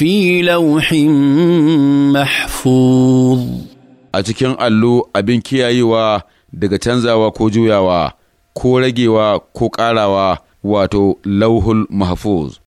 في لوح a cikin allo abin kiyayewa daga canzawa ko juyawa ko ragewa ko ƙarawa wato lauhul mahfuz